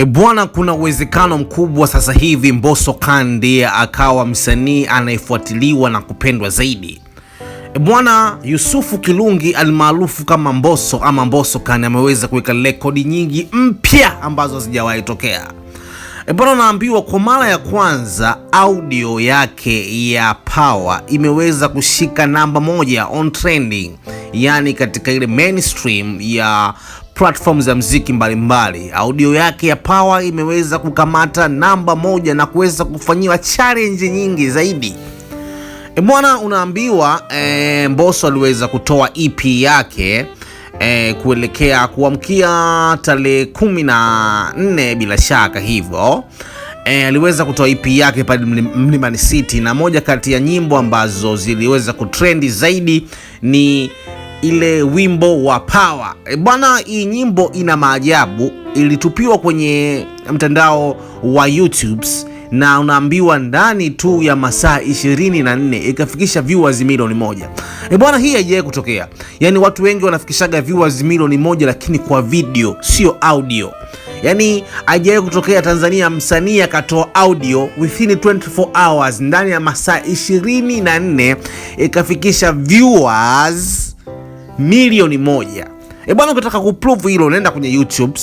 E bwana, kuna uwezekano mkubwa sasa hivi Mbosso Khan ndiye akawa msanii anayefuatiliwa na kupendwa zaidi. E bwana, Yusufu Kilungi almaarufu kama Mbosso ama Mbosso Khan ameweza kuweka rekodi nyingi mpya ambazo hazijawahi tokea. E bwana, naambiwa kwa mara ya kwanza audio yake ya Power imeweza kushika namba moja on trending, yaani katika ile mainstream ya platform za mziki mbalimbali. Audio yake ya Power imeweza kukamata namba moja na kuweza kufanyiwa challenge nyingi zaidi. E bwana, unaambiwa e, Mbosso aliweza kutoa EP yake e, kuelekea kuamkia tarehe kumi na nne bila shaka hivyo E, aliweza kutoa EP yake pale Mlimani City na moja kati ya nyimbo ambazo ziliweza kutrendi zaidi ni ile wimbo wa Power. E bwana, hii nyimbo ina maajabu, ilitupiwa kwenye mtandao wa YouTube na unaambiwa ndani tu ya masaa 24 ikafikisha viewers milioni moja. E bwana, hii haijawahi kutokea. Yaani watu wengi wanafikishaga viewers milioni moja, lakini kwa video, sio audio. Yaani haijawahi kutokea Tanzania msanii akatoa audio within 24 hours, ndani ya masaa 24 ikafikisha viewers milioni moja. E bwana, ukitaka kuprove hilo unaenda kwenye YouTube,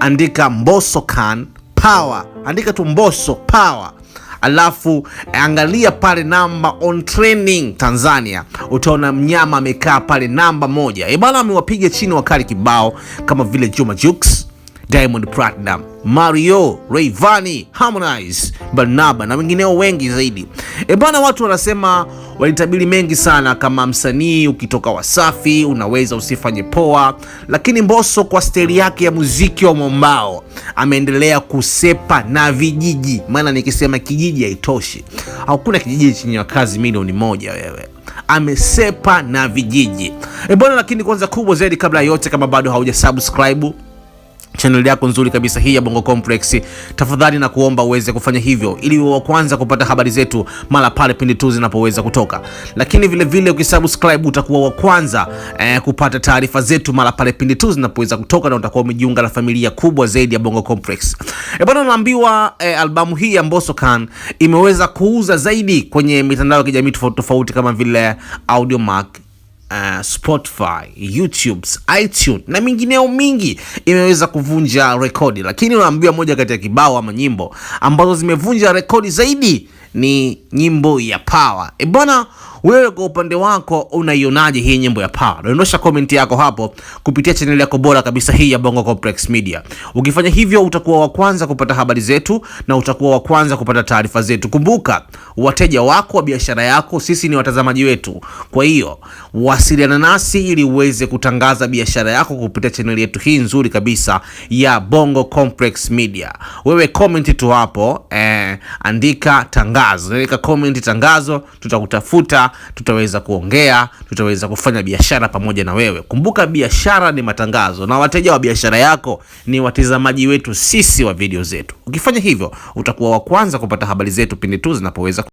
andika Mbosso Khan power, andika tu Mbosso power alafu eh, angalia pale namba on trending Tanzania, utaona mnyama amekaa pale namba moja. E bwana, amewapiga chini wakali kibao kama vile Juma Jukes. Diamond Platinum, Mario, Rayvanny, Harmonize, Barnaba na wengineo wengi zaidi. E bana, watu wanasema walitabiri mengi sana, kama msanii ukitoka Wasafi unaweza usifanye poa, lakini Mbosso kwa steli yake ya muziki wa mwambao ameendelea kusepa na vijiji. Maana nikisema kijiji haitoshi, hakuna kijiji chenye wakazi milioni moja wewe amesepa na vijiji. E bwana, lakini kwanza kubwa zaidi kabla ya yote, kama bado hauja subscribe channel yako nzuri kabisa hii ya Bongo Complex, tafadhali na kuomba uweze kufanya hivyo ili wa kwanza kupata habari zetu mara pale pindi tu zinapoweza kutoka. Lakini vile vile ukisubscribe utakuwa wa kwanza eh, kupata taarifa zetu mara pale pindi tu zinapoweza kutoka na utakuwa umejiunga na familia kubwa zaidi ya Bongo Complex. E eh, bwana naambiwa eh, albamu hii ya Mbosso Khan imeweza kuuza zaidi kwenye mitandao ya kijamii tofauti tofauti kama vile Audiomack uh, Spotify, YouTube, iTunes na mingineo mingi imeweza kuvunja rekodi, lakini unaambiwa moja kati ya kibao ama nyimbo ambazo zimevunja rekodi zaidi ni nyimbo ya Power. E bwana, wewe kwa upande wako unaionaje hii nyimbo ya Par? Dondosha komenti yako hapo kupitia chaneli yako bora kabisa hii ya Bongo Complex Media. Ukifanya hivyo, utakuwa wa kwanza kupata habari zetu na utakuwa wa kwanza kupata taarifa zetu. Kumbuka, wateja wako wa biashara yako, sisi ni watazamaji wetu. Kwa hiyo wasiliana nasi ili uweze kutangaza biashara yako kupitia chaneli yetu hii nzuri kabisa ya Bongo Complex Media. Wewe comment tu hapo eh, andika tangazo, andika comment tangazo, tutakutafuta tutaweza kuongea, tutaweza kufanya biashara pamoja na wewe. Kumbuka biashara ni matangazo na wateja wa biashara yako ni watazamaji wetu sisi wa video zetu. Ukifanya hivyo, utakuwa wa kwanza kupata habari zetu pindi tu zinapoweza